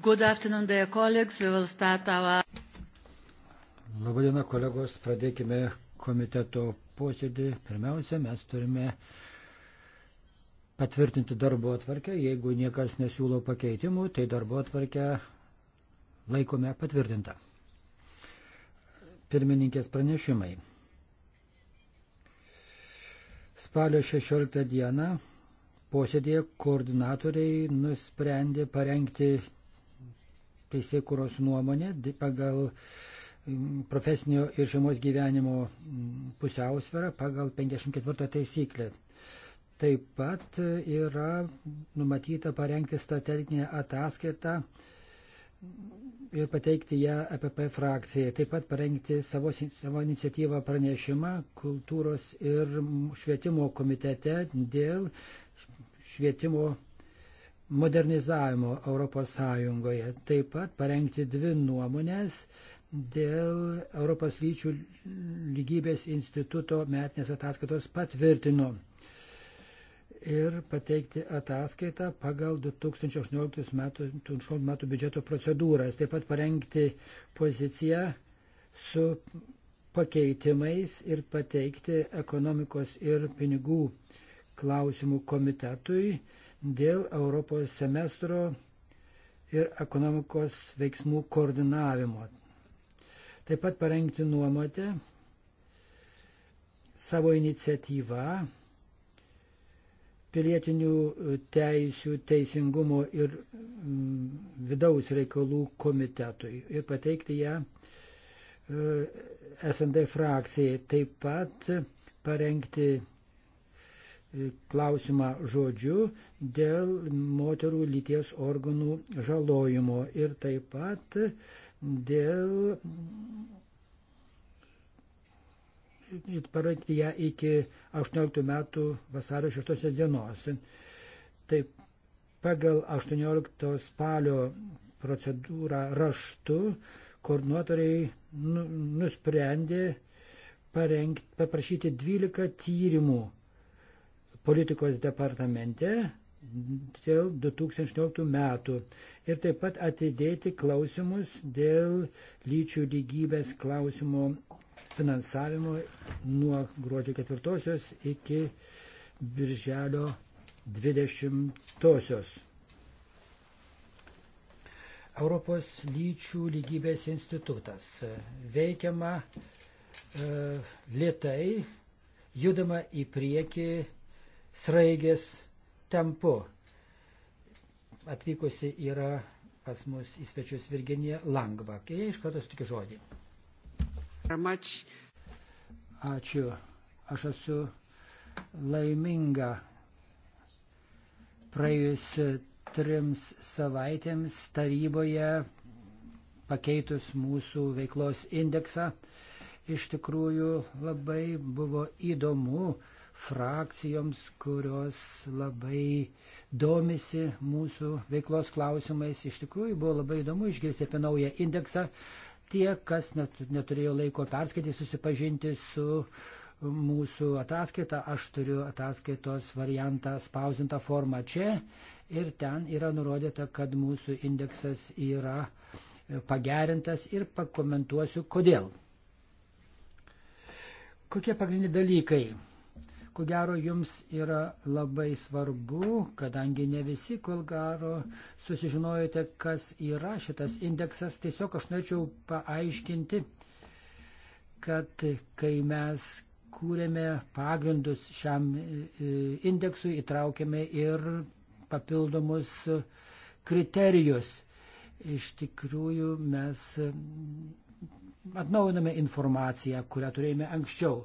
Good afternoon, dear colleagues. We will start our. Labadiena, kolegos. Pradėkime komiteto posėdį. Pirmiausia, mes turime patvirtinti darbo atvarkę. Jeigu niekas nesiūlo pakeitimų, tai darbo atvarkę laikome patvirtintą. Pirmininkės pranešimai. Spalio 16 dieną posėdėje koordinatoriai nusprendė parengti teisėkuros nuomonė pagal mm, profesinio ir šeimos gyvenimo mm, pusiausvėrą pagal 54 taisyklę. Taip pat yra numatyta parengti strateginę ataskaitą ir pateikti ją APP e frakcijai. Taip pat parengti savo, savo iniciatyvą pranešimą kultūros ir švietimo komitete dėl švietimo modernizavimo ES. Taip pat parengti dvi nuomonės dėl Europos lyčių lygybės instituto metinės ataskaitos patvirtino ir pateikti ataskaitą pagal 2018 metų, 2018 metų biudžeto procedūras. Taip pat parengti poziciją su pakeitimais ir pateikti ekonomikos ir pinigų klausimų komitetui dėl Europos semestro ir ekonomikos veiksmų koordinavimo. Taip pat parengti nuomonę savo iniciatyvą pilietinių teisių, teisingumo ir mm, vidaus reikalų komitetui ir pateikti ją e, SND frakcijai. Taip pat parengti klausimą žodžiu dėl moterų lyties organų žalojimo ir taip pat dėl parodyti ją iki 18 metų vasario 6 dienos. Taip, pagal 18 spalio procedūrą raštu koordinatoriai nu, nusprendė parengt, paprašyti 12 tyrimų politikos departamente dėl 2018 metų ir taip pat atidėti klausimus dėl lyčių lygybės klausimo finansavimo nuo gruodžio 4 iki birželio 20. -osios. Europos lyčių lygybės institutas veikiama e, lietai, judama į priekį sraigės tempu. Atvykusi yra pas mus į svečius Virginija Langva. Jie iš karto sutikiu žodį. Ačiū. Aš esu laiminga. Praėjus trims savaitėms taryboje pakeitus mūsų veiklos indeksą, iš tikrųjų labai buvo įdomu uh, frakcijoms, kurios labai domisi mūsų veiklos klausimais. Iš tikrųjų buvo labai įdomu išgirsti apie naują indeksą. Tie, kas neturėjo laiko perskaityti, susipažinti su mūsų ataskaita, aš turiu ataskaitos variantą spausintą formą čia ir ten yra nurodyta, kad mūsų indeksas yra pagerintas ir pakomentuosiu kodėl. Kokie pagrindiniai dalykai? ko gero jums yra labai svarbu, kadangi ne visi, kol gero, susižinojote, kas yra šitas indeksas. Tiesiog aš norėčiau paaiškinti, kad kai mes kūrėme pagrindus šiam e, indeksui, įtraukėme ir papildomus kriterijus. Iš tikrųjų mes atnaujiname informaciją, kurią turėjome anksčiau.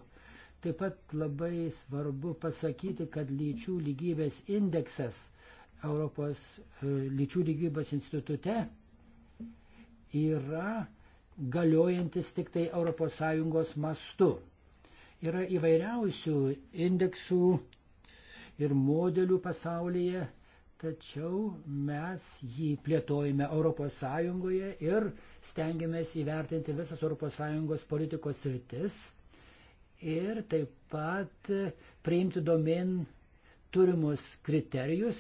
Taip pat labai svarbu pasakyti, kad lyčių lygybės indeksas Europos e, lyčių lygybės institute yra galiojantis tik tai ES mastu. Yra įvairiausių indeksų ir modelių pasaulyje, tačiau mes jį plėtojame ES ir stengiamės įvertinti visas ES politikos rytis ir taip pat priimti domen turimus kriterijus,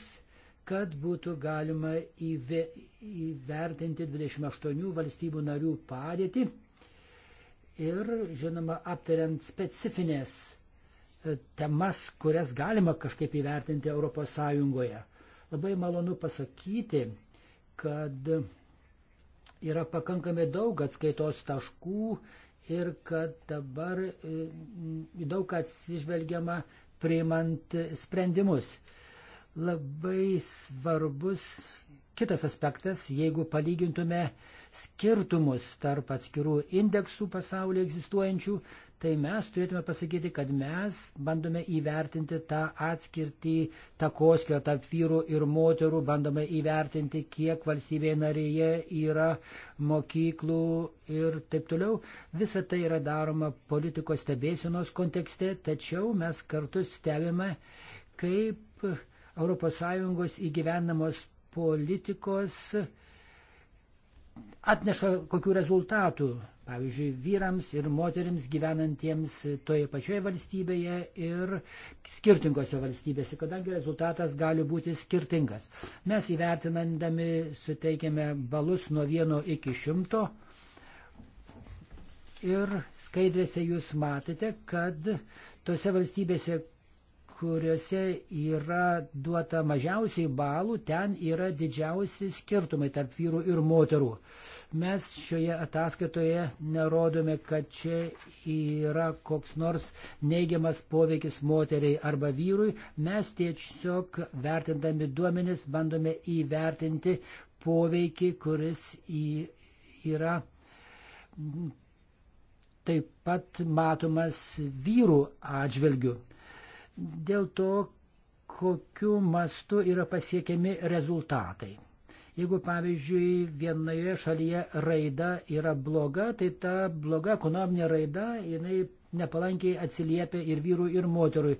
kad būtų galima įvertinti 28 valstybių narių padėtį ir, žinoma, aptariant specifines e, temas, kurias galima kažkaip įvertinti ES. Labai malonu pasakyti, kad yra pakankamai daug atskaitos taškų ir kad dabar e, daug kas išvelgiama priimant sprendimus. Labai svarbus kitas aspektas, jeigu palygintume skirtumus tarp atskirų indeksų pasaulyje egzistuojančių, tai mes turėtume pasakyti, kad mes bandome įvertinti tą atskirtį, tą koskirą tarp vyrų ir moterų, bandome įvertinti, kiek valstybėje narėje yra mokyklų ir taip toliau. Visa tai yra daroma politikos stebėsinos kontekste, tačiau mes kartu stebime, kaip ES įgyvenamos politikos atneša kokių rezultatų pavyzdžiui, vyrams ir moteriams gyvenantiems toje pačioje valstybėje ir skirtingose valstybėse, kadangi rezultatas gali būti skirtingas. Mes įvertinandami suteikiame balus nuo vieno iki šimto ir skaidrėse jūs matėte, kad tose valstybėse, kuriuose yra duota mažiausiai balų, ten yra didžiausi skirtumai tarp vyrų ir moterų. Mes šioje ataskaitoje nerodome, kad čia yra koks nors neigiamas poveikis moteriai arba vyrui. Mes tiesiog vertindami duomenis bandome įvertinti poveikį, kuris į, yra taip pat matomas vyrų atžvilgių dėl to, kokiu mastu yra pasiekiami rezultatai. Jeigu, pavyzdžiui, vienoje šalyje raida yra bloga, tai ta bloga ekonominė raida, jinai nepalankiai atsiliepia ir vyrui, ir moterui.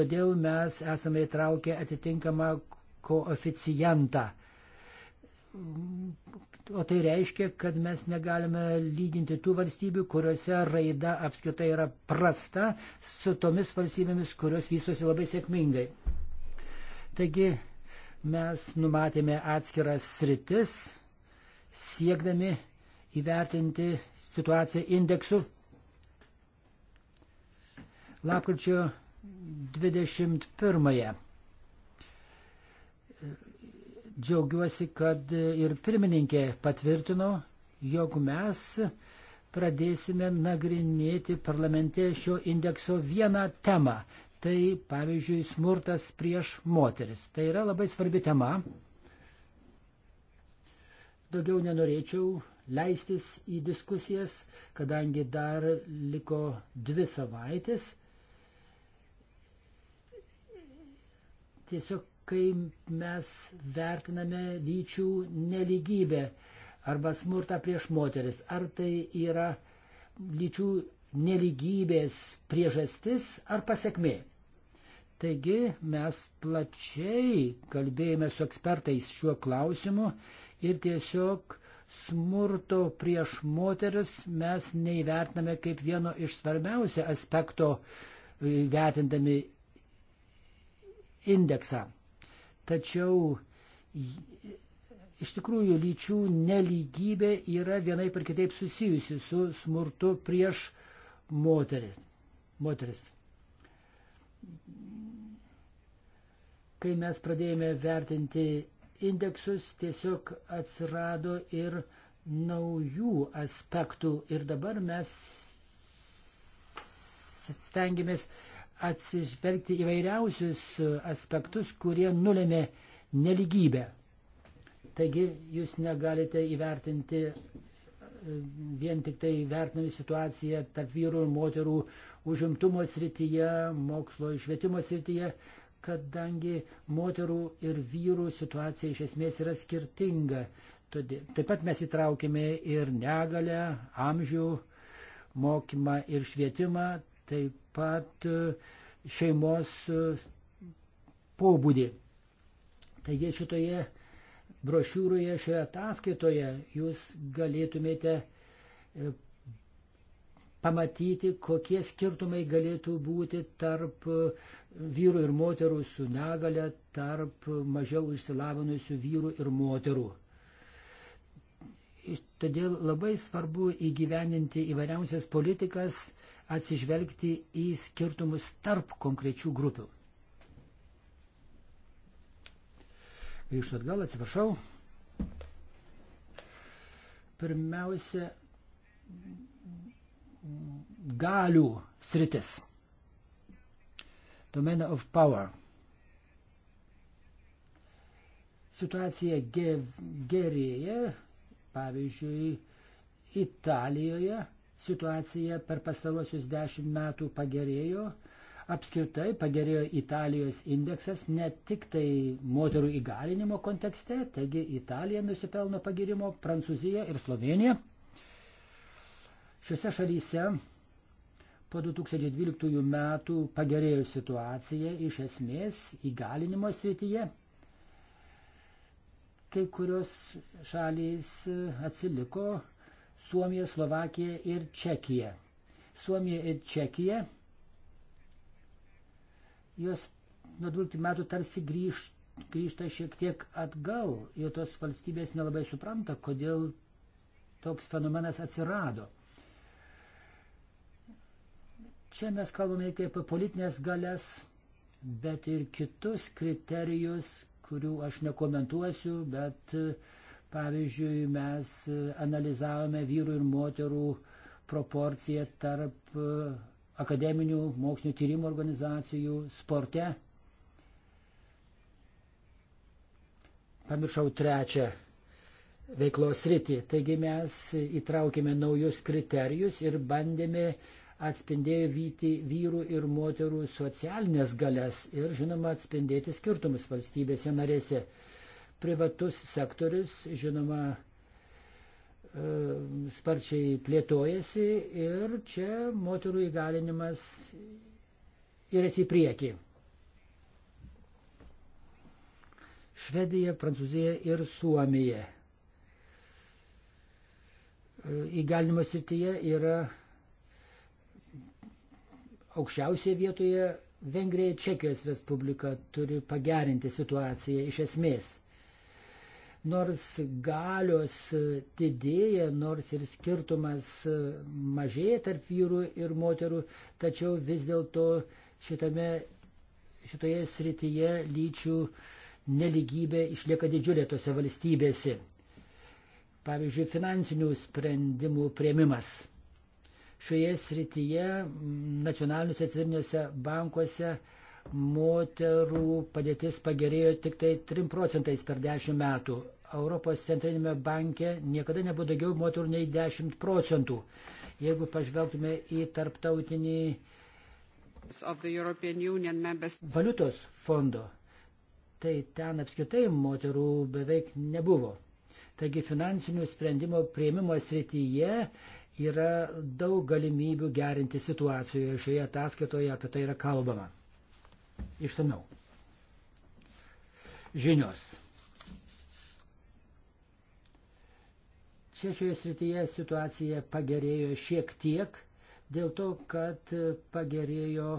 Todėl mes esame įtraukę atitinkamą koeficientą. O tai reiškia, kad mes negalime lyginti tų valstybių, kuriuose raida apskritai yra prasta, su tomis valstybėmis, kurios vystosi labai sėkmingai. Taigi mes numatėme atskiras sritis, siekdami įvertinti situaciją indeksu. Lapkričio 21. -ąją Džiaugiuosi, kad ir pirmininkė patvirtino, jog mes pradėsime nagrinėti parlamente šio indekso vieną temą. Tai pavyzdžiui smurtas prieš moteris. Tai yra labai svarbi tema. Daugiau nenorėčiau leistis į diskusijas, kadangi dar liko dvi savaitės. Tiesiog kai mes vertiname lyčių neligybę arba smurtą prieš moteris. Ar tai yra lyčių neligybės priežastis ar pasiekmė? Taigi mes plačiai kalbėjome su ekspertais šiuo klausimu ir tiesiog smurto prieš moteris mes neįvertiname kaip vieno iš svarbiausių aspekto e, vertindami indeksą. Tačiau iš tikrųjų lyčių neligybė yra vienai per kitaip susijusi su smurtu prieš moteris. moteris. Kai mes pradėjome vertinti indeksus, tiesiog atsirado ir naujų aspektų ir dabar mes stengiamės atsižvelgti įvairiausius aspektus, kurie nulėmė neligybę. Taigi jūs negalite įvertinti vien tik tai vertinami situaciją tarp vyrų ir moterų užimtumo srityje, mokslo ir švietimo srityje, kadangi moterų ir vyrų situacija iš esmės yra skirtinga. Todėl, taip pat mes įtraukėme ir negalę, amžių, mokymą ir švietimą, taip pat e, šeimos e, pobūdį. Taigi šitoje brošiūroje, šioje ataskaitoje jūs galėtumėte e, pamatyti, kokie skirtumai galėtų būti tarp vyrų ir moterų su negale, tarp mažiau išsilavinusių vyrų ir moterų. Todėl labai svarbu įgyveninti įvairiausias politikas, atsižvelgti į skirtumus tarp konkrečių grupių. Grįžtu atgal, atsiprašau. Pirmiausia, galių sritis. Domain of power. Situacija gerėja, pavyzdžiui, Italijoje situacija per pastaruosius dešimt metų pagerėjo. Apskritai pagerėjo Italijos indeksas ne tik tai moterų įgalinimo kontekste, taigi Italija nusipelno pagirimo, Prancūzija ir Slovenija. Šiuose šalyse po 2012 metų pagerėjo situacija iš esmės įgalinimo srityje kai kurios šalys atsiliko Suomija, Slovakija ir Čekija. Suomija ir Čekija, jos nuo 12 metų tarsi grįž, grįžta šiek tiek atgal ir tos valstybės nelabai supranta, kodėl toks fenomenas atsirado. Čia mes kalbame ne tik apie politinės galės, bet ir kitus kriterijus, kurių aš nekomentuosiu, bet uh, Pavyzdžiui, mes e, analizavome vyrų ir moterų proporciją tarp e, akademinių mokslinio tyrimų organizacijų sporte. Pamiršau trečią veiklos rytį. Taigi mes įtraukėme naujus kriterijus ir bandėme atspindėjo vyti vyrų ir moterų socialinės galias ir, žinoma, atspindėti skirtumus valstybėse narėse privatus sektorius, žinoma, e, sparčiai plėtojasi ir čia moterų įgalinimas yra į priekį. Švedija, Prancūzija ir Suomija. E, įgalinimo srityje yra aukščiausioje vietoje Vengrija ir Čekijos Respublika turi pagerinti situaciją iš esmės. Nors galios didėja, nors ir skirtumas mažėja tarp vyrų ir moterų, tačiau vis dėlto šitame, šitoje srityje lyčių neligybė išlieka didžiulė tose valstybėse. Pavyzdžiui, finansinių sprendimų prieimimas. Šioje srityje nacionaliniuose centriniuose bankuose uh, moterų padėtis pagerėjo tik tai 3 procentais per 10 metų. Europos centrinėme banke niekada nebuvo daugiau moterų nei 10 procentų. Jeigu pažvelgtume į tarptautinį valiutos fondo, tai ten apskritai moterų beveik nebuvo. Taigi finansinių sprendimo prieimimo srityje yra daug galimybių gerinti situaciją ir šioje ataskaitoje apie tai yra kalbama išsameu. Žinios. Čia šioje srityje situacija pagerėjo šiek tiek dėl to, kad pagerėjo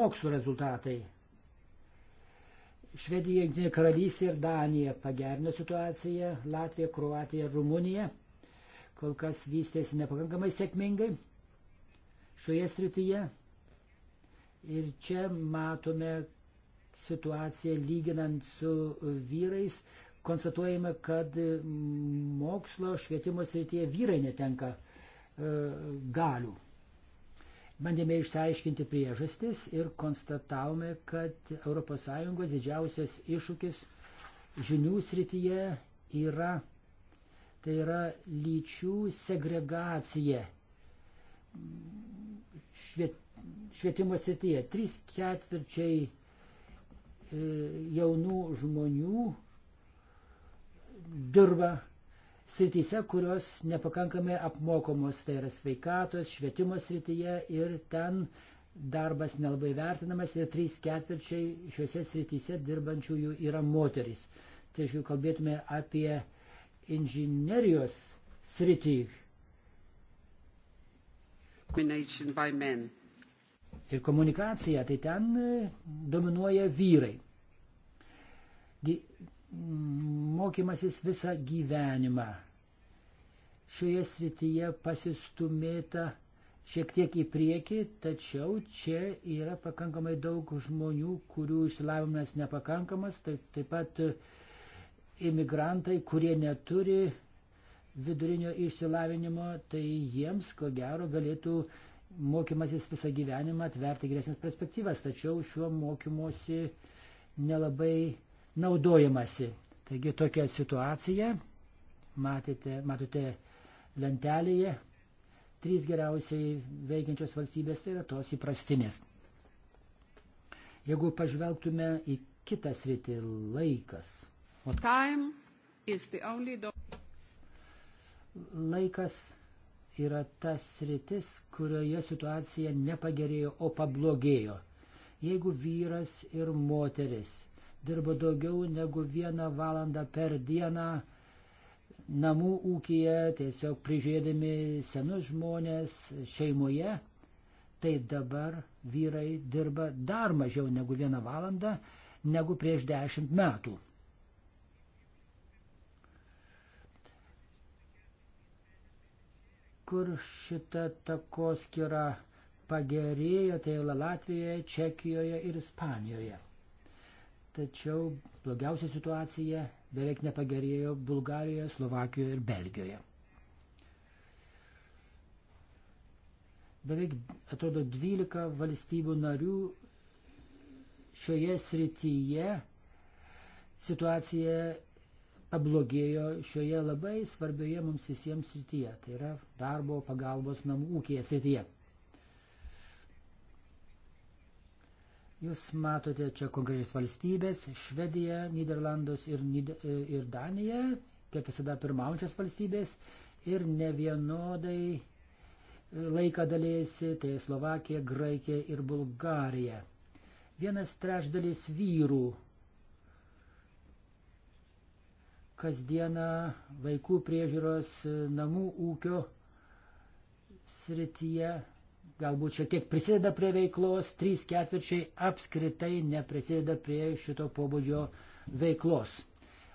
mokslo rezultatai. Švedija, Junktinė karalystė ir Danija pagerino situaciją, Latvija, Kroatija ir Rumunija kol kas vystėsi nepakankamai sėkmingai šioje srityje. Ir čia matome situaciją lyginant su vyrais. Konstatuojame, kad mokslo švietimo srityje vyrai netenka e, galių. Bandėme išsiaiškinti priežastis ir konstatavome, kad ES didžiausias iššūkis žinių srityje yra, tai yra lyčių segregacija. Šviet, švietimo srityje. Trys ketvirčiai e, jaunų žmonių dirba srityse, kurios nepakankamai apmokomos, tai yra sveikatos, švietimo srityje ir ten darbas nelabai vertinamas ir trys ketvirčiai šiuose srityse dirbančiųjų yra moteris. Tai jeigu kalbėtume apie inžinerijos sritį. By men ir komunikacija, tai ten e, dominuoja vyrai. Mm, mokymasis visą gyvenimą. Šioje srityje pasistumėta šiek tiek į priekį, tačiau čia yra pakankamai daug žmonių, kurių išsilavinimas nepakankamas, taip, taip pat e, imigrantai, kurie neturi vidurinio išsilavinimo, tai jiems ko gero galėtų mokymasis visą gyvenimą atverti geresnės perspektyvas, tačiau šiuo mokymosi nelabai naudojamasi. Taigi tokia situacija, matėte, matote lentelėje, trys geriausiai veikiančios valstybės tai yra tos įprastinės. Jeigu pažvelgtume į kitą sritį laikas. Ot... Time is the only... Laikas yra tas sritis, kurioje situacija nepagerėjo, o pablogėjo. Jeigu vyras ir moteris dirba daugiau negu vieną valandą per dieną namų ūkija, tiesiog prižiūrėdami senus žmonės šeimoje, tai dabar vyrai dirba dar mažiau negu vieną valandą negu prieš dešimt metų. kur šita takoskyra pagerėjo, tai yra Latvijoje, Čekijoje ir Ispanijoje. Tačiau blogiausia situacija beveik nepagerėjo Bulgarijoje, Slovakijoje ir Belgijoje. Beveik, atrodo, 12 valstybių narių šioje srityje situacija pablogėjo šioje labai svarbioje mums visiems srityje, tai yra darbo pagalbos namų ūkėje srityje. Jūs matote čia konkrečias valstybės - Švedija, Niderlandos ir, Nider ir Danija, kaip visada pirmaujančios valstybės, ir ne vienodai laiką dalėsi, tai Slovakija, Graikija ir Bulgarija. Vienas trečdalis vyrų kasdieną vaikų priežiūros e, namų ūkio srityje. Galbūt šiek tiek prisideda prie veiklos, trys ketvirčiai apskritai neprisideda prie šito pobūdžio veiklos.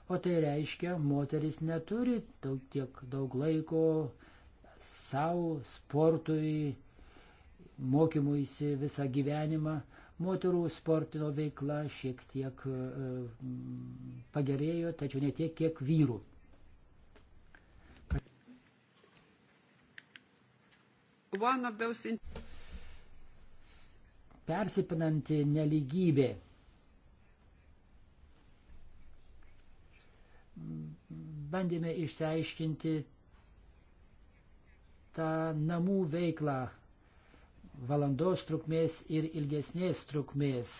O tai reiškia, moteris neturi daug, tiek daug laiko savo, sportui, mokymuisi visą gyvenimą. Moterų sportino veikla šiek tiek e, mm, pagerėjo, tačiau ne tiek, kiek vyrų. Those... Persipinanti neligybė. Bandėme išsiaiškinti tą namų veiklą valandos trukmės ir ilgesnės trukmės.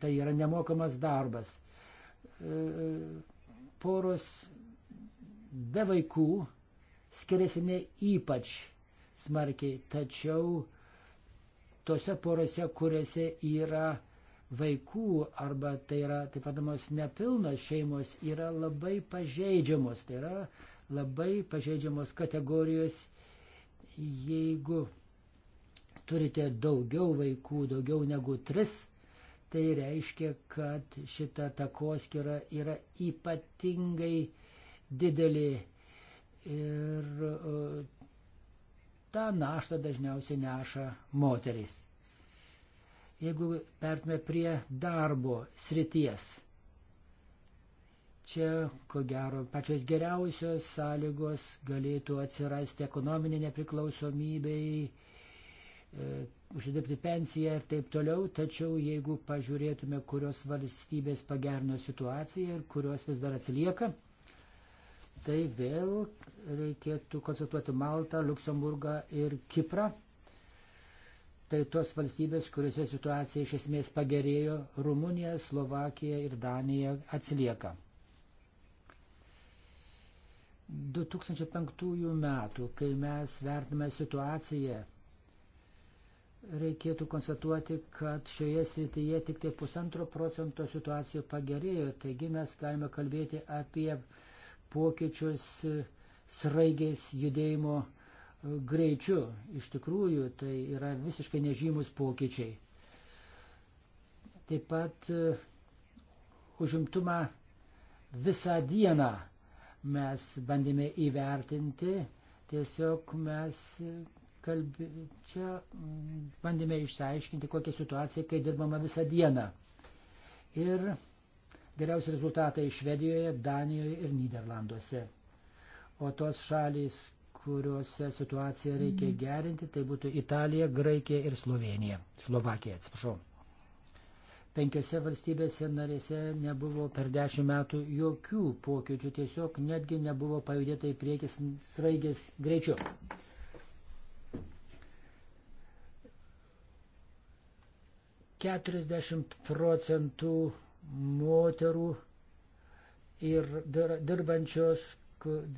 Tai yra nemokamas darbas. E, poros be vaikų skiriasi ne ypač smarkiai, tačiau tose porose, kuriuose yra vaikų arba tai yra taip vadamos nepilnos šeimos, yra labai pažeidžiamos. Tai yra labai pažeidžiamos kategorijos, jeigu turite daugiau vaikų, daugiau negu tris, tai reiškia, kad šita takoskira yra ypatingai didelė ir tą naštą dažniausiai neša moteris. Jeigu pertume prie darbo srities, čia, ko gero, pačios geriausios sąlygos galėtų atsirasti ekonominė nepriklausomybei, E, užsidirbti pensiją ir taip toliau, tačiau jeigu pažiūrėtume, kurios valstybės pagerino situaciją ir kurios vis dar atsilieka, tai vėl reikėtų konstatuoti Maltą, Luksemburgą ir Kiprą. Tai tos valstybės, kuriuose situacija iš esmės pagerėjo, Rumunija, Slovakija ir Danija atsilieka. 2005 metų, kai mes vertiname situaciją reikėtų konstatuoti, kad šioje srityje tik tai pusantro procento situacijų pagerėjo, taigi mes galime kalbėti apie pokyčius sraigės judėjimo e, greičiu. Iš tikrųjų, tai yra visiškai nežymus pokyčiai. Taip pat e, užimtumą visą dieną mes bandėme įvertinti, tiesiog mes kalbė, čia mm, bandėme išsiaiškinti, kokia situacija, kai dirbama visą dieną. Ir geriausi rezultatai Švedijoje, Danijoje ir Niderlanduose. O tos šalys, kuriuose situaciją reikia mhm. gerinti, tai būtų Italija, Graikija ir Slovenija. Slovakija, atsiprašau. Penkiose valstybėse narėse nebuvo per dešimt metų jokių pokyčių, tiesiog netgi nebuvo pajudėta į priekį sraigės greičiu. 40 procentų moterų ir dirbančios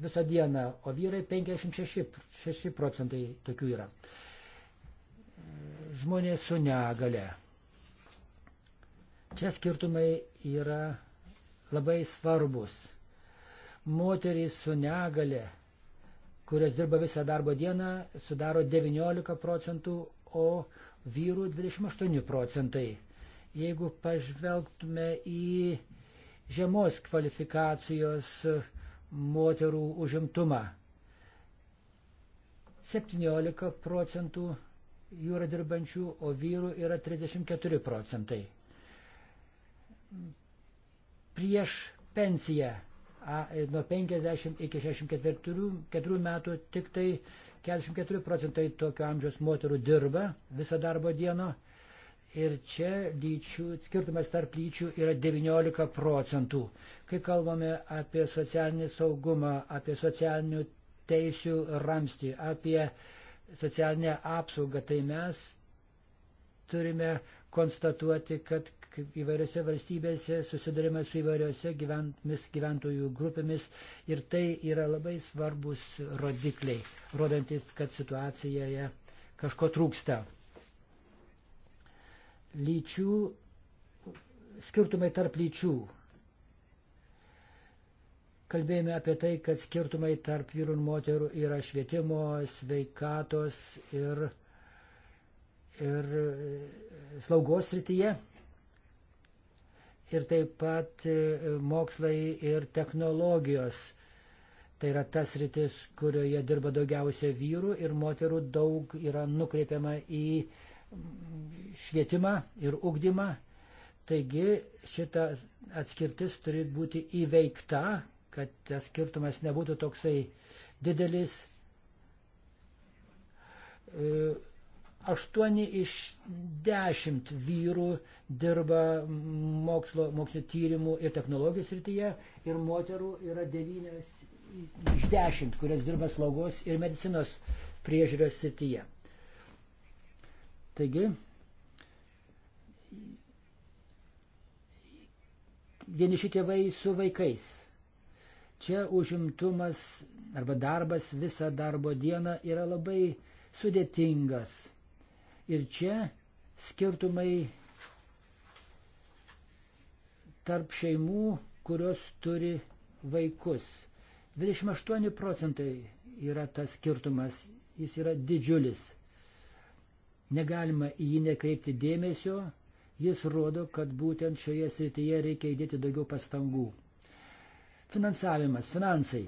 visą dieną, o vyrai 56 procentai tokių yra. Žmonės su negale. Čia skirtumai yra labai svarbus. Moterys su negale, kurios dirba visą darbo dieną, sudaro 19 procentų, o vyrų 28 procentai. Jeigu pažvelgtume į žemos kvalifikacijos moterų užimtumą, 17 procentų jų yra dirbančių, o vyrų yra 34 procentai. Prieš pensiją a, nuo 50 iki 64 metų tik tai 44 procentai tokio amžiaus moterų dirba visą darbo dieną. Ir čia lyčių, skirtumas tarp lyčių yra 19 procentų. Kai kalbame apie socialinį saugumą, apie socialinių teisių ramstį, apie socialinę apsaugą, tai mes turime konstatuoti, kad kaip įvairiose valstybėse susidurime su įvairiose gyvent, gyventojų grupėmis ir tai yra labai svarbus rodikliai, rodantis, kad situacijoje kažko trūksta. Lyčių, skirtumai tarp lyčių. Kalbėjome apie tai, kad skirtumai tarp vyrų ir moterų yra švietimo, sveikatos ir ir slaugos srityje ir taip pat e, mokslai ir technologijos. Tai yra tas rytis, kurioje dirba daugiausia vyrų ir moterų daug yra nukreipiama į švietimą ir ugdymą. Taigi šita atskirtis turi būti įveikta, kad tas skirtumas nebūtų toksai didelis. E, 8 iš 10 vyrų dirba mokslo, mokslo tyrimų ir technologijos srityje ir moterų yra 9 iš 10, kurios dirba slaugos ir medicinos priežiūros srityje. Taigi, vieniši tėvai su vaikais. Čia užimtumas arba darbas visą darbo dieną yra labai sudėtingas Ir čia skirtumai tarp šeimų, kurios turi vaikus. 28 procentai yra tas skirtumas, jis yra didžiulis. Negalima į jį nekreipti dėmesio, jis rodo, kad būtent šioje srityje reikia įdėti daugiau pastangų. Finansavimas, finansai.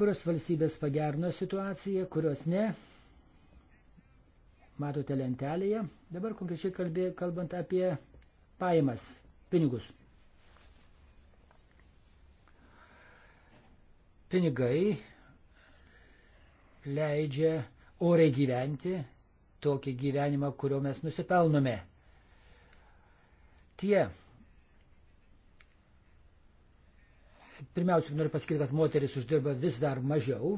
kurios valstybės pagerino situaciją, kurios ne. Matote lentelėje. Dabar konkrečiai kalbė, kalbant apie pajamas, pinigus. Pinigai leidžia oriai gyventi tokį gyvenimą, kurio mes nusipelnome. Tie pirmiausia, noriu pasakyti, kad moteris uždirba vis dar mažiau.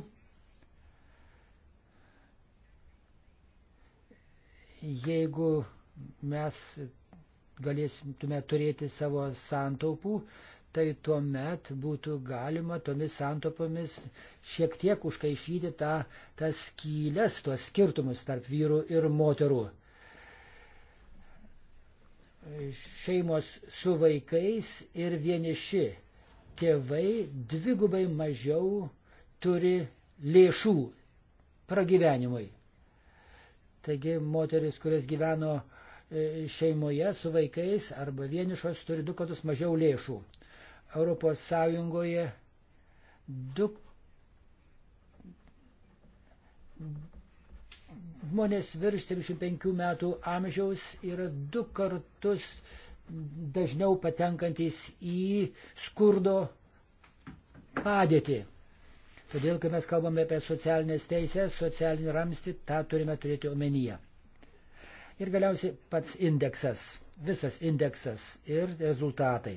Jeigu mes galėsime turėti savo santaupų, tai tuomet būtų galima tomis santaupomis šiek tiek užkaišyti tą, tas skylės, tuos skirtumus tarp vyrų ir moterų. Šeimos su vaikais ir vieniši tėvai dvigubai mažiau turi lėšų pragyvenimui. Taigi moteris, kurios gyveno e, šeimoje su vaikais arba vienišos, turi du kartus mažiau lėšų. Europos Sąjungoje du žmonės virš 75 metų amžiaus yra du kartus uh, dažniau patenkantis į skurdo padėtį. Todėl, kai mes kalbame apie socialinės teisės, socialinį ramstį, tą turime turėti omenyje. Ir galiausiai pats indeksas, visas indeksas ir rezultatai.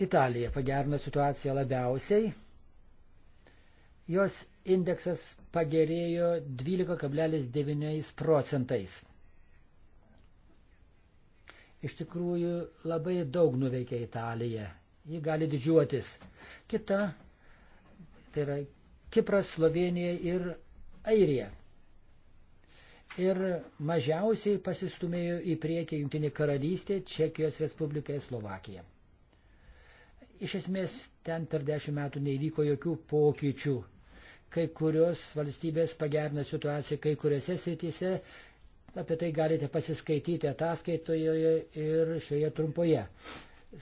Italija pagerino situaciją labiausiai. Jos indeksas pagerėjo 12,9 procentais. Iš tikrųjų labai daug nuveikė Italija. Ji gali didžiuotis. Kita, tai yra Kipras, Slovenija ir Airija. Ir mažiausiai pasistumėjo į priekį Junktinė karalystė, Čekijos Respublika ir Slovakija. Iš esmės ten per dešimt metų neįvyko jokių pokyčių. Kai kurios valstybės pagerina situaciją kai kuriuose srityse. Apie tai galite pasiskaityti ataskaitoje ir šioje trumpoje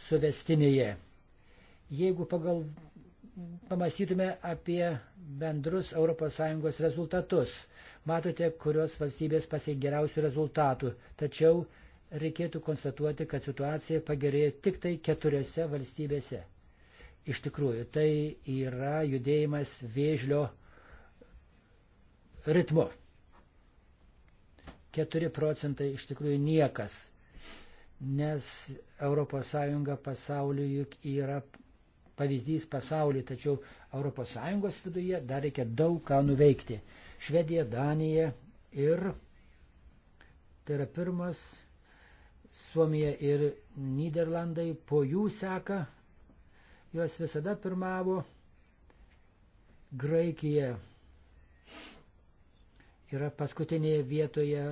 suvestinėje. Jeigu pagal pamastytume apie bendrus ES rezultatus, matote, kurios valstybės pasiekė geriausių rezultatų. Tačiau reikėtų konstatuoti, kad situacija pagerėjo tik tai keturiose valstybėse. Iš tikrųjų, tai yra judėjimas vėžlio ritmu. 4 procentai iš tikrųjų niekas, nes ES pasauliu juk yra pavyzdys pasauliu, tačiau ES viduje dar reikia daug ką nuveikti. Švedija, Danija ir tai yra pirmas, Suomija ir Niderlandai po jų seka, jos visada pirmavo, Graikija yra paskutinėje vietoje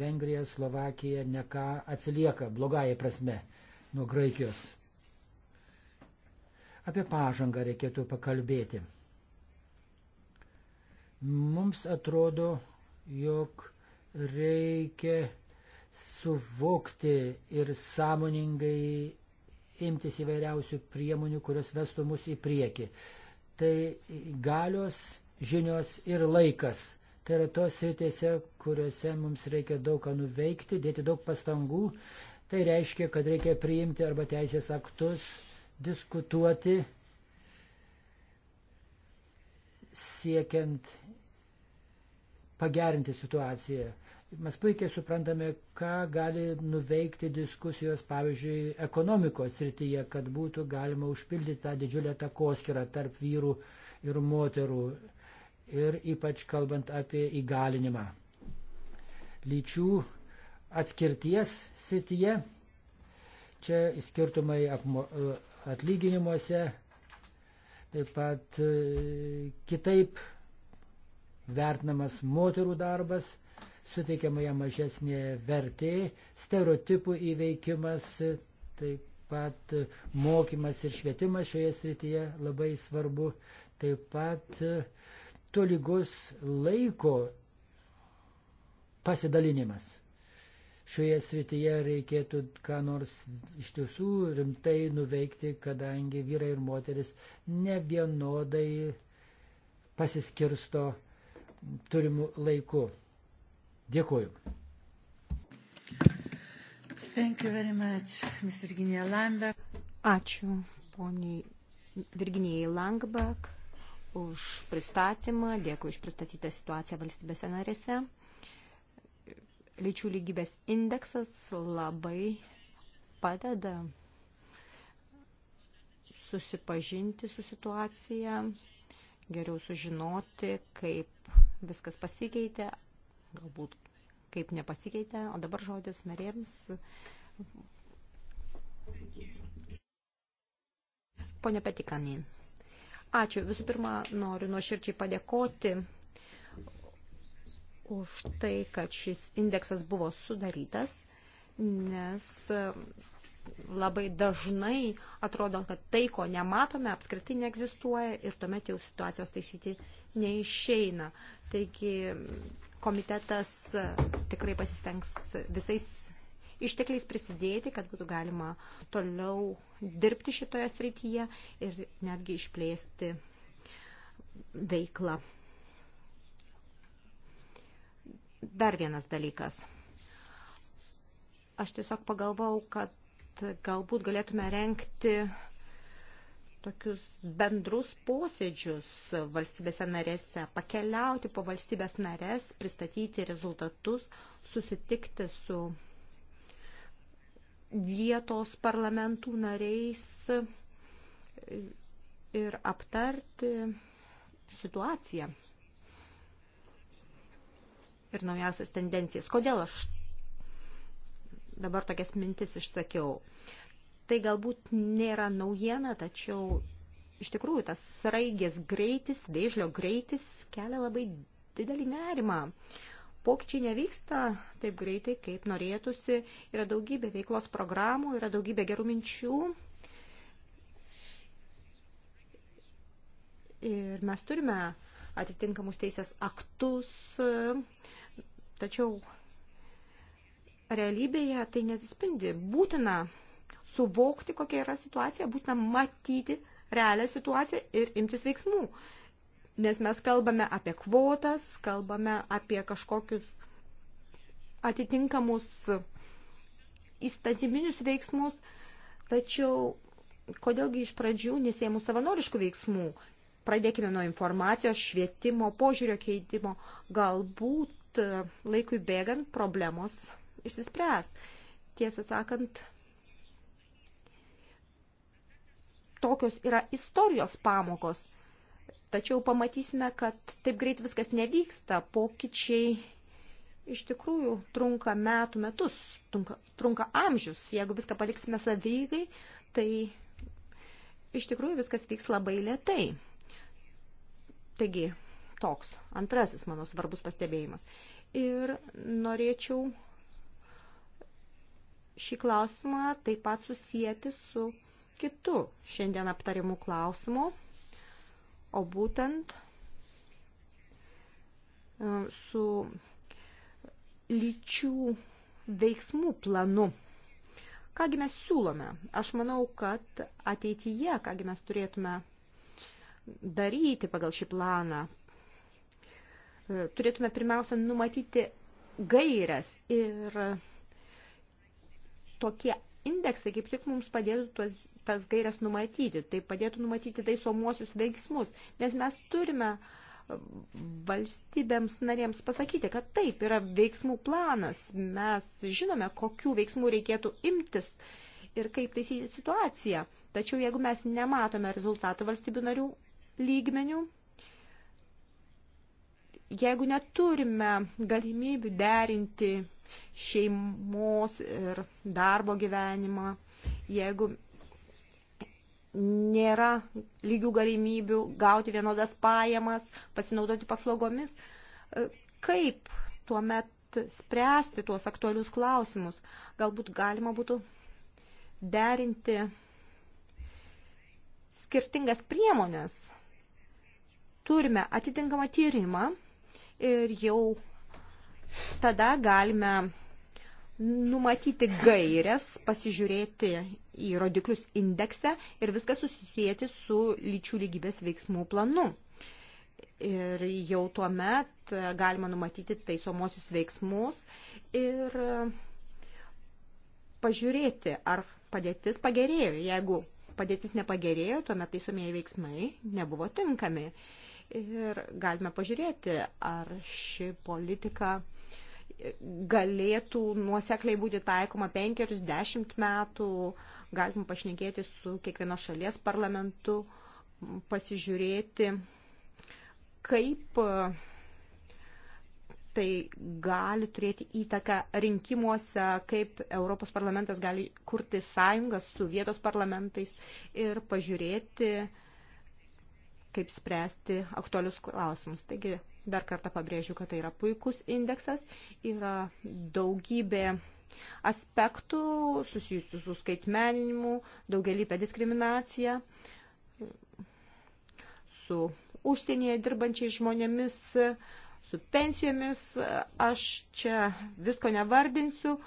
Vengrija, Slovakija neką atsilieka blogąją prasme nuo Graikijos. Apie pažangą reikėtų pakalbėti. Mums atrodo, jog reikia suvokti ir sąmoningai imtis įvairiausių priemonių, kurios vestų mus į priekį. Tai galios, žinios ir laikas Tai yra tos sritėse, kuriuose mums reikia daug ką nuveikti, dėti daug pastangų. Tai reiškia, kad reikia priimti arba teisės aktus, diskutuoti, siekiant pagerinti situaciją. Mes puikiai suprantame, ką gali nuveikti diskusijos, pavyzdžiui, ekonomikos srityje, kad būtų galima užpildyti tą didžiulę takoskirą tarp vyrų ir moterų ir ypač kalbant apie įgalinimą. Lyčių atskirties sityje, čia skirtumai apmo, e, atlyginimuose, taip pat e, kitaip vertinamas moterų darbas, suteikiama jam mažesnė vertė, stereotipų įveikimas, taip pat mokymas ir švietimas šioje srityje labai svarbu, taip pat tolygus laiko pasidalinimas. Šioje srityje reikėtų ką nors iš tiesų rimtai nuveikti, kadangi vyrai ir moteris ne vienodai pasiskirsto turimų laikų. Dėkuoju. Much, Ačiū poniai Virginijai Langbak už pristatymą, dėkui už pristatytą situaciją valstybėse narėse. Lyčių lygybės indeksas labai padeda susipažinti su situacija, geriau sužinoti, kaip viskas pasikeitė, galbūt kaip nepasikeitė, o dabar žodis narėms. Pone Petikanin. Ačiū. Visų pirma, noriu nuoširčiai padėkoti už tai, kad šis indeksas buvo sudarytas, nes e, labai dažnai atrodo, kad tai, ko nematome, apskritai neegzistuoja ir tuomet jau situacijos taisyti neišeina. Taigi komitetas e, tikrai pasistengs visais ištekliais prisidėti, kad būtų galima toliau dirbti šitoje srityje ir netgi išplėsti veiklą. Dar vienas dalykas. Aš tiesiog pagalvojau, kad galbūt galėtume renkti tokius bendrus posėdžius valstybėse narėse, pakeliauti po valstybės narės, pristatyti rezultatus, susitikti su vietos parlamentų nariais ir aptarti situaciją ir naujausias tendencijas. Kodėl aš dabar tokias mintis išsakiau? Tai galbūt nėra naujiena, tačiau iš tikrųjų tas raigės greitis, vėžlio greitis kelia labai didelį nerimą. Uh, Pokyčiai nevyksta taip greitai, kaip norėtųsi. Yra daugybė veiklos programų, yra daugybė gerų minčių. Ir mes turime atitinkamus teisės aktus, tačiau realybėje tai nesispindi. Būtina suvokti, kokia yra situacija, būtina matyti realią situaciją ir imtis veiksmų. Nes mes kalbame apie kvotas, kalbame apie kažkokius atitinkamus įstatyminius veiksmus, tačiau kodėlgi iš pradžių nesėmų savanoriškų veiksmų. Pradėkime nuo informacijos, švietimo, požiūrio keitimo. Galbūt e, laikui bėgant problemos išsispręs. Tiesą sakant, tokios yra istorijos pamokos – Tačiau pamatysime, kad taip greit viskas nevyksta, pokyčiai iš tikrųjų trunka metų metus, trunka, trunka amžius. Jeigu viską paliksime savygai, tai iš tikrųjų viskas vyks labai lietai. Taigi, toks antrasis mano svarbus pastebėjimas. Ir norėčiau šį klausimą taip pat susijęti su kitu šiandien aptariamu klausimu o būtent e, su lyčių veiksmų planu. Kągi mes siūlome? Aš manau, kad ateityje, kągi mes turėtume daryti pagal šį planą, e, turėtume pirmiausia numatyti gairias ir tokie indeksai kaip tik mums padėtų tuos tas gairias numatyti, tai padėtų numatyti taisomuosius veiksmus, nes mes turime e, valstybėms narėms pasakyti, kad taip yra veiksmų planas, mes žinome, kokių veiksmų reikėtų imtis ir kaip taisyti situaciją. Tačiau jeigu mes nematome rezultatų valstybių narių lygmenių, jeigu neturime galimybių derinti šeimos ir darbo gyvenimą, jeigu nėra lygių galimybių gauti vienodas pajamas, pasinaudoti paslaugomis. E, kaip tuomet spręsti tuos aktualius klausimus? Galbūt galima būtų derinti skirtingas priemonės. Turime atitinkamą tyrimą ir jau tada galime numatyti gairias, pasižiūrėti į rodiklius indekse ir viską susijęti su lyčių lygybės veiksmų planu. Ir jau tuo met galima numatyti taisomosius veiksmus ir pažiūrėti, ar padėtis pagerėjo. Jeigu padėtis nepagerėjo, tuomet taisomieji veiksmai nebuvo tinkami. Ir galime pažiūrėti, ar ši politika uh, galėtų nuosekliai būti taikoma penkerius, dešimt metų, galim pašnekėti su kiekvienos šalies parlamentu, pasižiūrėti, kaip tai gali turėti įtaką rinkimuose, kaip Europos parlamentas gali kurti sąjungas su vietos parlamentais ir pažiūrėti, kaip spręsti aktualius klausimus. Taigi Dar kartą pabrėžiu, kad tai yra puikus indeksas, yra daugybė aspektų susijusių su skaitmeninimu, daugelįpę diskriminaciją, su užsienyje dirbančiais žmonėmis, su pensijomis. Aš čia visko nevardinsiu.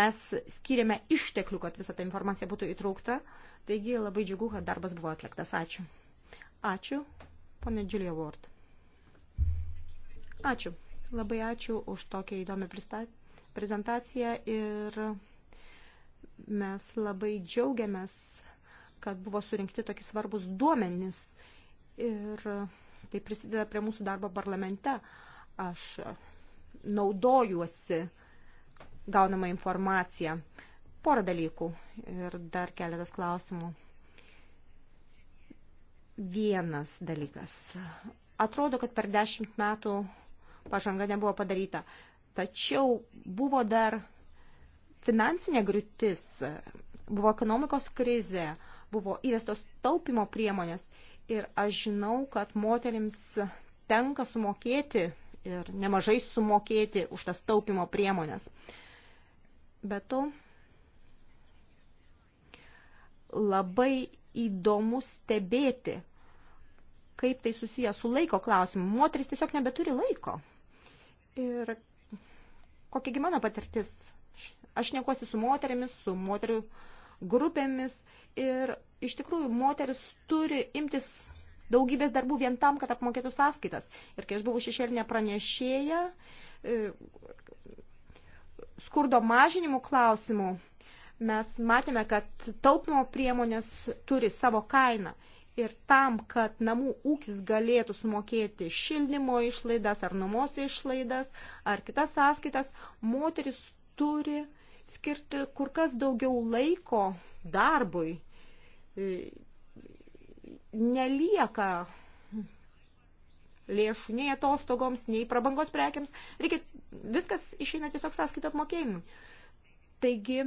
Mes skiriame išteklių, kad visa ta informacija būtų įtraukta. Taigi labai džiugu, kad darbas buvo atliktas. Ačiū. Ačiū. Pone Julia Ward. Ačiū. Labai ačiū už tokią įdomią prezentaciją ir mes labai džiaugiamės, kad buvo surinkti tokie svarbus duomenys ir tai prisideda prie mūsų darbo parlamente. Aš naudojuosi gaunamą informaciją. Porą dalykų ir dar keletas klausimų vienas dalykas. Atrodo, kad per dešimt metų pažanga nebuvo padaryta. Tačiau buvo dar finansinė griūtis, buvo ekonomikos krizė, buvo įvestos taupimo priemonės. Ir aš žinau, kad moterims tenka sumokėti ir nemažai sumokėti už tas taupimo priemonės. Be to, labai įdomu stebėti, kaip tai susiję su laiko klausimu. Moteris tiesiog nebeturi laiko. Ir kokiagi mano patirtis? Aš nekuosi su moterimis, su moterių grupėmis ir iš tikrųjų moteris turi imtis daugybės darbų vien tam, kad apmokėtų sąskaitas. Ir kai aš buvau šešėlinė pranešėja, e, skurdo mažinimų klausimų, Mes matėme, kad taupimo priemonės turi savo kainą. Ir tam, kad namų ūkis galėtų sumokėti šildymo išlaidas ar nuomos išlaidas ar kitas sąskaitas, moteris turi skirti kur kas daugiau laiko darbui. E, nelieka lėšų nei atostogoms, nei prabangos prekiams. Reikia, viskas išeina tiesiog sąskaito apmokėjimui. Taigi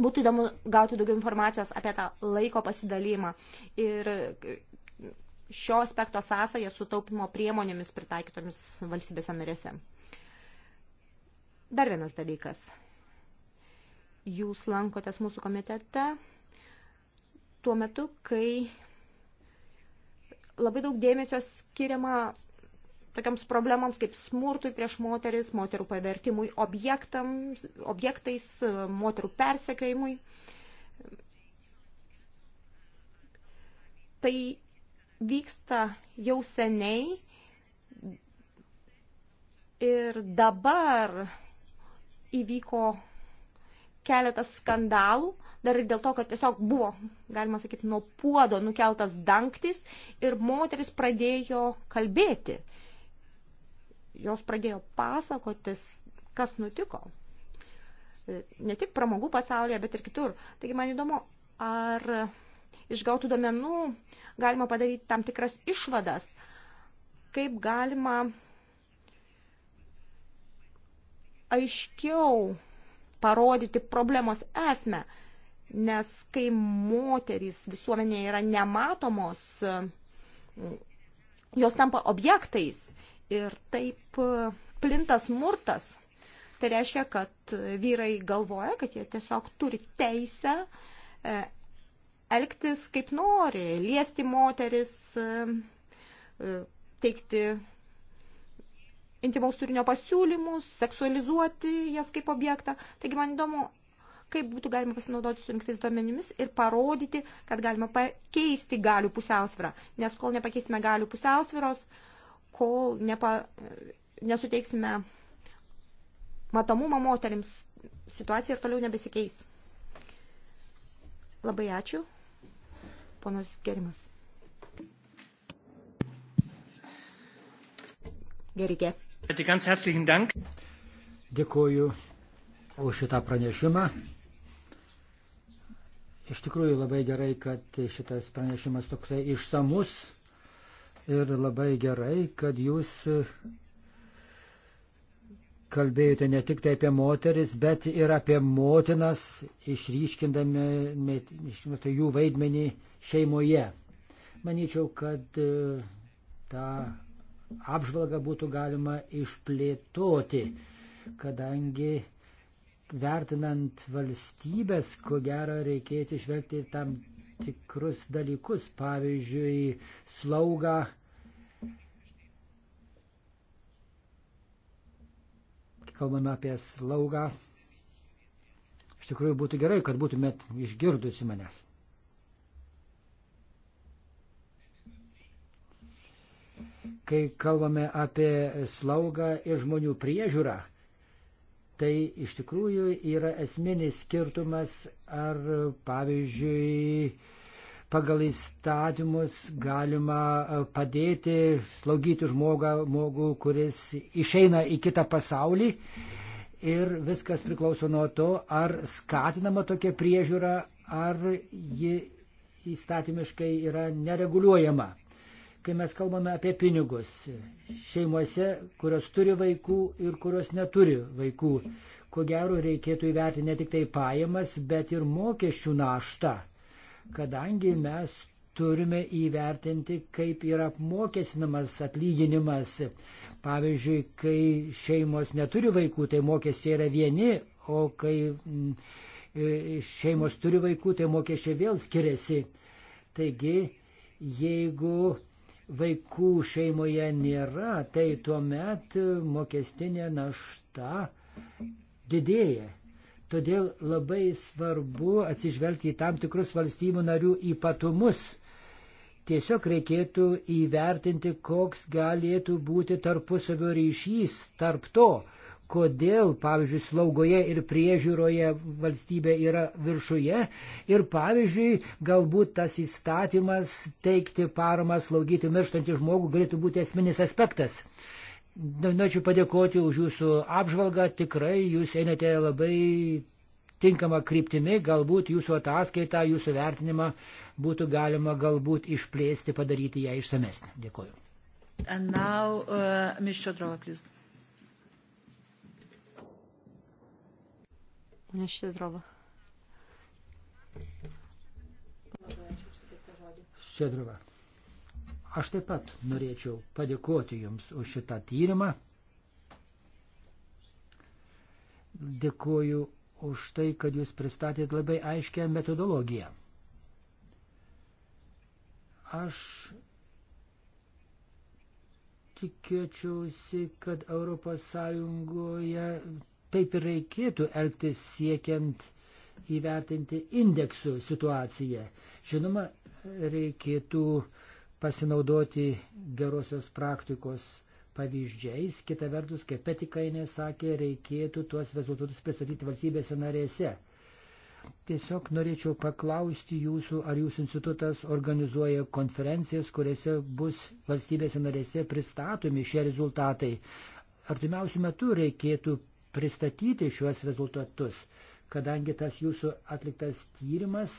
Būtų įdomu gauti daugiau informacijos apie tą laiko pasidalymą ir šio aspekto sąsąją su taupimo priemonėmis pritaikytomis valstybėse narėse. Dar vienas dalykas. Jūs lankotės mūsų komitete tuo metu, kai labai daug dėmesio skiriama tokiams problemams kaip smurtui prieš moteris, moterų pavertimui objektais, moterų persekiojimui. Tai vyksta jau seniai ir dabar įvyko keletas skandalų, dar ir dėl to, kad tiesiog buvo, galima sakyti, nuo puodo nukeltas dangtis ir moteris pradėjo kalbėti. Uh, jos pradėjo pasakotis, kas nutiko. Ne tik pramogų pasaulyje, bet ir kitur. Taigi man įdomu, ar iš gautų domenų galima padaryti tam tikras išvadas, kaip galima aiškiau parodyti problemos esmę. Nes kai moterys visuomenėje yra nematomos, jos tampa objektais ir taip plinta smurtas. Tai reiškia, kad vyrai galvoja, kad jie tiesiog turi teisę e, elgtis kaip nori, liesti moteris, e, e, teikti intimaus turinio pasiūlymus, seksualizuoti jas kaip objektą. Taigi man įdomu, kaip būtų galima pasinaudoti surinktais duomenimis ir parodyti, kad galima pakeisti galių pusiausvyrą. Nes kol nepakeisime galių pusiausvyros, uh, kol nepa, nesuteiksime matomumą moteriams, situacija ir toliau nebesikeis. Labai ačiū. Ponas Gerimas. Gerigė. Dėkuoju už šitą pranešimą. Iš tikrųjų labai gerai, kad šitas pranešimas toksai išsamus Ir labai gerai, kad jūs kalbėjote ne tik tai apie moteris, bet ir apie motinas, išryškindami tai jų vaidmenį šeimoje. Manyčiau, kad e, tą apžvalgą būtų galima išplėtoti, kadangi vertinant valstybės, ko gero reikėtų išvelgti tam tikrus dalykus, pavyzdžiui, slaugą. Kalbame apie slaugą. Iš tikrųjų būtų gerai, kad būtumėt išgirdusi manęs. Kai kalbame apie slaugą ir žmonių priežiūrą, Tai iš tikrųjų yra esminis skirtumas, ar pavyzdžiui pagal įstatymus galima e, padėti slaugyti žmogą, žmogų, kuris išeina į kitą pasaulį. Ir viskas priklauso nuo to, ar skatinama tokia priežiūra, ar ji įstatymiškai yra nereguliuojama kai mes kalbame apie pinigus šeimuose, kurios turi vaikų ir kurios neturi vaikų. Ko gero reikėtų įvertinti ne tik tai pajamas, bet ir mokesčių naštą, kadangi mes turime įvertinti, kaip yra apmokestinamas atlyginimas. Pavyzdžiui, kai šeimos neturi vaikų, tai mokesčiai yra vieni, o kai mm, e, šeimos turi vaikų, tai mokesčiai vėl skiriasi. Taigi, jeigu vaikų šeimoje nėra, tai tuomet mokestinė našta didėja. Todėl labai svarbu atsižvelgti į tam tikrus valstybių narių ypatumus. Tiesiog reikėtų įvertinti, koks galėtų būti tarpusavio ryšys tarp to, kodėl, pavyzdžiui, slaugoje ir priežiūroje valstybė yra viršuje ir, pavyzdžiui, galbūt tas įstatymas teikti paramą slaugyti mirštantį žmogų galėtų būti esminis aspektas. Nu, norėčiau padėkoti už jūsų apžvalgą, tikrai jūs einate labai tinkama kryptimi, galbūt jūsų ataskaitą, jūsų vertinimą būtų galima galbūt išplėsti, padaryti ją išsamesnį. Dėkuoju. And now, uh, Ms. Shodrova, please. Pane Šedrova. Šedrova. Aš taip pat norėčiau padėkoti Jums už šitą tyrimą. Dėkuoju už tai, kad Jūs pristatėt labai aiškę metodologiją. Aš tikėčiausi, kad ES taip ir reikėtų elgtis siekiant įvertinti indeksų situaciją. Žinoma, reikėtų pasinaudoti gerosios praktikos pavyzdžiais. Kita vertus, kaip Petikainė sakė, reikėtų tuos rezultatus pristatyti valstybėse narėse. Tiesiog norėčiau paklausti jūsų, ar jūsų institutas organizuoja konferencijas, kuriuose bus valstybėse narėse pristatomi šie rezultatai. Artimiausių metų reikėtų pristatyti šiuos rezultatus, kadangi tas jūsų atliktas tyrimas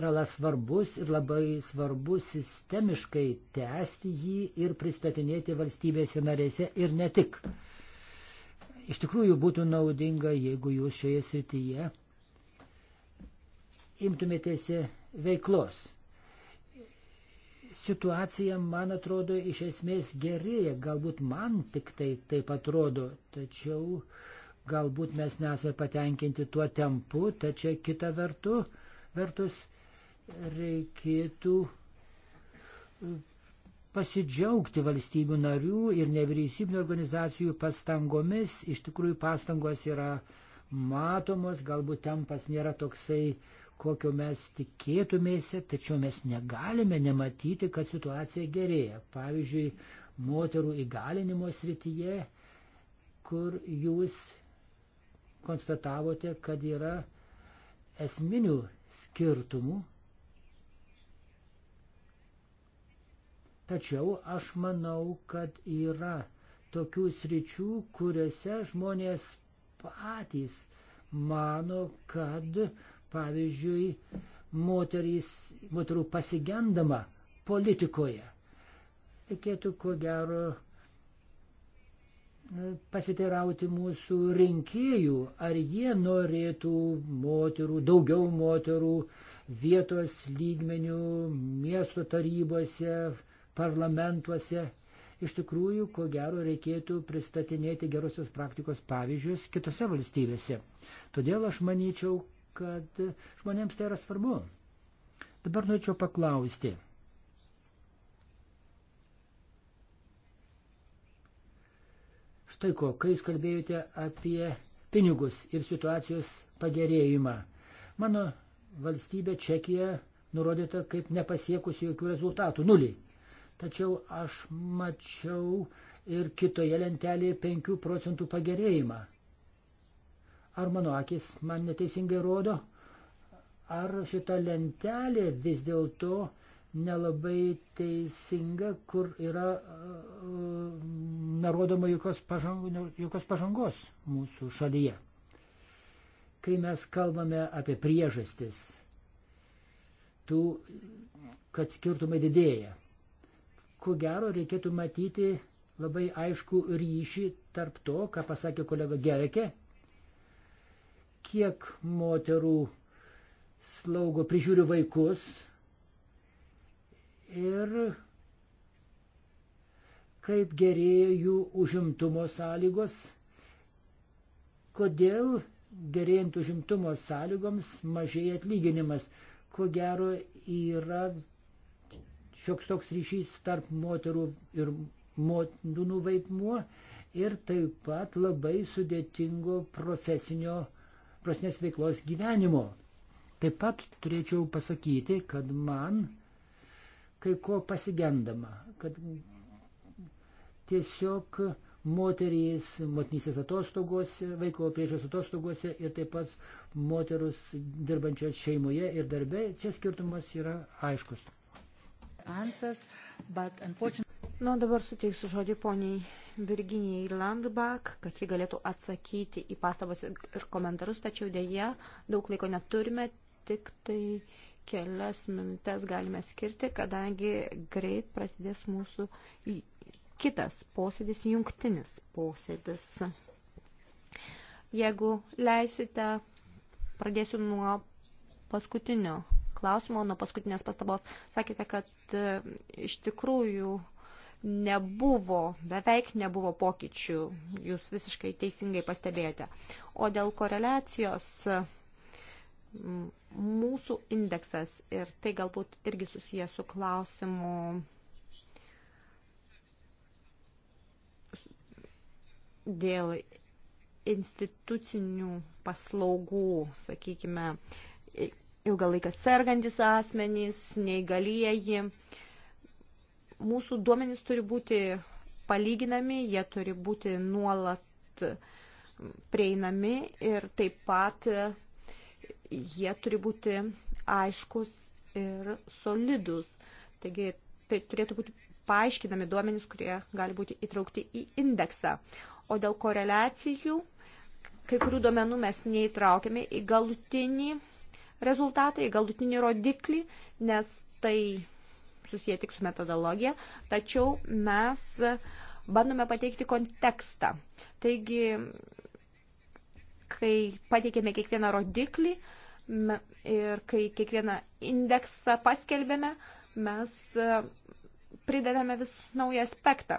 yra svarbus ir labai svarbu sistemiškai tęsti jį ir pristatinėti valstybėse narėse ir ne tik. Iš tikrųjų būtų naudinga, jeigu jūs šioje srityje imtumėtėsi veiklos situacija, man atrodo, iš esmės gerėja. Galbūt man tik tai taip atrodo, tačiau galbūt mes nesame patenkinti tuo tempu, tačiau kita vertu, vertus reikėtų e, pasidžiaugti valstybių narių ir nevyriausybinio organizacijų pastangomis. Iš tikrųjų pastangos yra matomos, galbūt tempas nėra toksai kokio mes tikėtumėse, tačiau mes negalime nematyti, kad situacija gerėja. Pavyzdžiui, moterų įgalinimo srityje, kur jūs konstatavote, kad yra esminių skirtumų. Tačiau aš manau, kad yra tokių sričių, kuriuose žmonės patys mano, kad Pavyzdžiui, moterys, moterų pasigendama politikoje. Reikėtų, ko gero, pasiteirauti mūsų rinkėjų, ar jie norėtų moterų, daugiau moterų vietos lygmenių, miesto tarybose, parlamentuose. Iš tikrųjų, ko gero, reikėtų pristatinėti gerosios praktikos pavyzdžius kitose valstybėse. Todėl aš manyčiau, kad žmonėms tai yra svarbu. Dabar norėčiau paklausti. Štai ko, kai jūs kalbėjote apie pinigus ir situacijos pagerėjimą. Mano valstybė Čekija nurodyta kaip nepasiekusi jokių rezultatų - nulį. Tačiau aš mačiau ir kitoje lentelėje 5 procentų pagerėjimą. Ar mano akis man neteisingai rodo? Ar šita lentelė vis dėlto nelabai teisinga, kur yra uh, nerodoma jokios, pažang, nu, jokios pažangos mūsų šalyje. Kai mes kalbame apie priežastis, tų, kad skirtumai didėja, ko gero reikėtų matyti labai aišku ryšį tarp to, ką pasakė kolega Gerekė kiek moterų slaugo, prižiūri vaikus ir kaip gerėja jų užimtumo sąlygos, kodėl gerėjant užimtumo sąlygoms mažėja atlyginimas. Ko gero yra šioks toks ryšys tarp moterų ir motinų vaidmuo ir taip pat labai sudėtingo profesinio prasnės veiklos gyvenimo. Taip pat turėčiau pasakyti, kad man kai ko pasigendama, kad tiesiog moterys motinysės atostogose, vaiko priežiūros atostogose ir taip pat moterus dirbančios šeimoje ir darbe. Čia skirtumas yra aiškus. Answers, Na, dabar suteiksiu žodį poniai Virginijai Landbach, kad ji galėtų atsakyti į pastabas ir komentarus, tačiau dėje daug laiko neturime, tik tai kelias minutės galime skirti, kadangi greit prasidės mūsų kitas posėdis, jungtinis posėdis. Jeigu leisite, pradėsiu nuo paskutinio klausimo, nuo paskutinės pastabos. Sakėte, kad e, iš tikrųjų nebuvo, beveik nebuvo pokyčių, jūs visiškai teisingai pastebėjote. O dėl koreliacijos mūsų indeksas ir tai galbūt irgi susijęs su klausimu dėl institucinių paslaugų, sakykime, ilgą laiką sergantis asmenys, neįgalieji. Uh, mūsų duomenys turi būti palyginami, jie turi būti nuolat prieinami ir taip pat jie turi būti aiškus ir solidus. Taigi tai turėtų būti paaiškinami duomenys, kurie gali būti įtraukti į indeksą. O dėl koreliacijų, kai kurių duomenų mes neįtraukėme į galutinį rezultatą, į galutinį rodiklį, nes tai susiję tik su metodologija, tačiau mes bandome pateikti kontekstą. Taigi, kai pateikėme kiekvieną rodiklį ir kai kiekvieną indeksą paskelbėme, mes e, pridedame vis naują aspektą.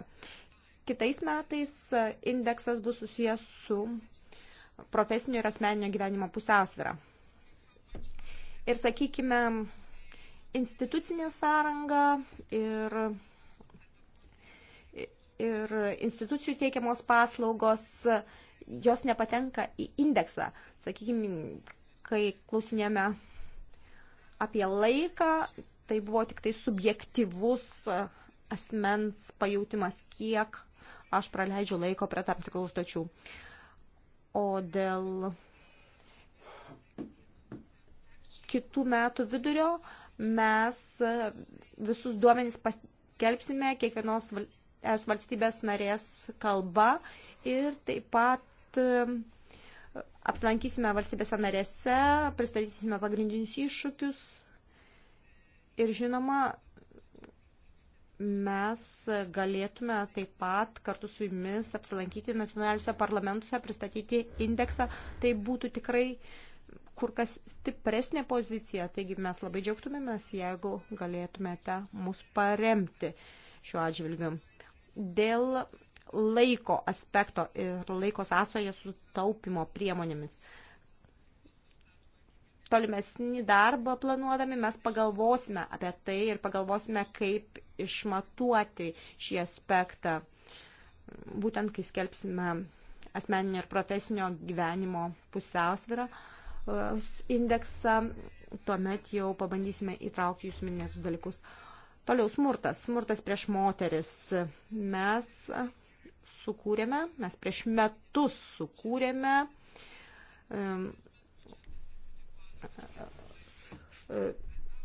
Kitais metais e, indeksas bus susijęs su profesinio ir asmeninio gyvenimo pusiausvėra. Ir sakykime, institucinė sąranga ir, ir institucijų teikiamos paslaugos, jos nepatenka į indeksą. Sakykime, kai klausinėme apie laiką, tai buvo tik tai subjektivus asmens pajūtimas, kiek aš praleidžiu laiko prie tam tikrų užduočių. O dėl kitų metų vidurio mes e, visus duomenys paskelbsime kiekvienos es valstybės narės kalba ir taip pat e, apsilankysime valstybėse narėse, pristatysime pagrindinius iššūkius ir žinoma, mes galėtume taip pat kartu su jumis apsilankyti nacionaliniuose parlamentuose, pristatyti indeksą. Tai būtų tikrai uh, kur kas stipresnė pozicija, taigi mes labai džiaugtumėmės, jeigu galėtumėte mus paremti šiuo atžvilgiu. Dėl laiko aspekto ir laiko sąsoje su taupimo priemonėmis. Tolimesnį darbą planuodami mes pagalvosime apie tai ir pagalvosime, kaip išmatuoti šį aspektą, būtent kai skelbsime asmeninio ir profesinio gyvenimo pusiausvyrą. Uh, indeksą, tuomet jau pabandysime įtraukti jūs minėtus dalykus. Toliau smurtas, smurtas prieš moteris. Mes sukūrėme, mes prieš metus sukūrėme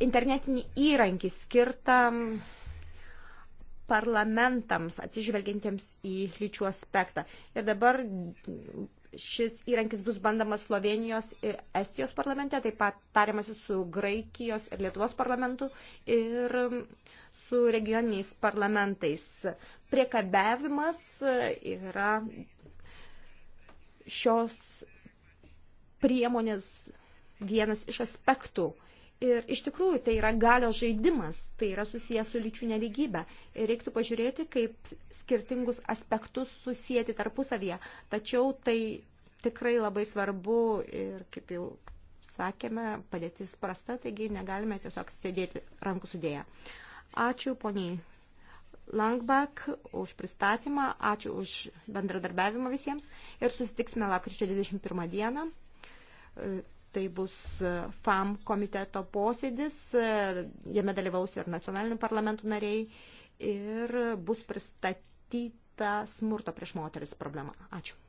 internetinį įrankį skirtą parlamentams atsižvelgiantiems į lyčių aspektą. Ir dabar šis įrankis bus bandamas Slovenijos ir Estijos parlamente, taip pat tariamasi su Graikijos ir Lietuvos parlamentu ir su regioniniais parlamentais. Priekabiavimas yra šios priemonės vienas iš aspektų. Ir iš tikrųjų tai yra galio žaidimas, tai yra susijęs su lyčių neligybė. Ir reiktų pažiūrėti, kaip skirtingus aspektus susijęti tarpusavyje. Tačiau tai tikrai labai svarbu ir, kaip jau sakėme, padėtis prasta, taigi negalime tiesiog sėdėti rankų sudėję. Ačiū poniai Langbak už pristatymą, ačiū už bendradarbiavimą visiems ir susitiksime lapkričio 21 dieną Tai bus e, FAM komiteto posėdis, e, jame dalyvaus ir nacionalinių parlamentų nariai ir bus pristatyta smurto prieš moteris problema. Ačiū.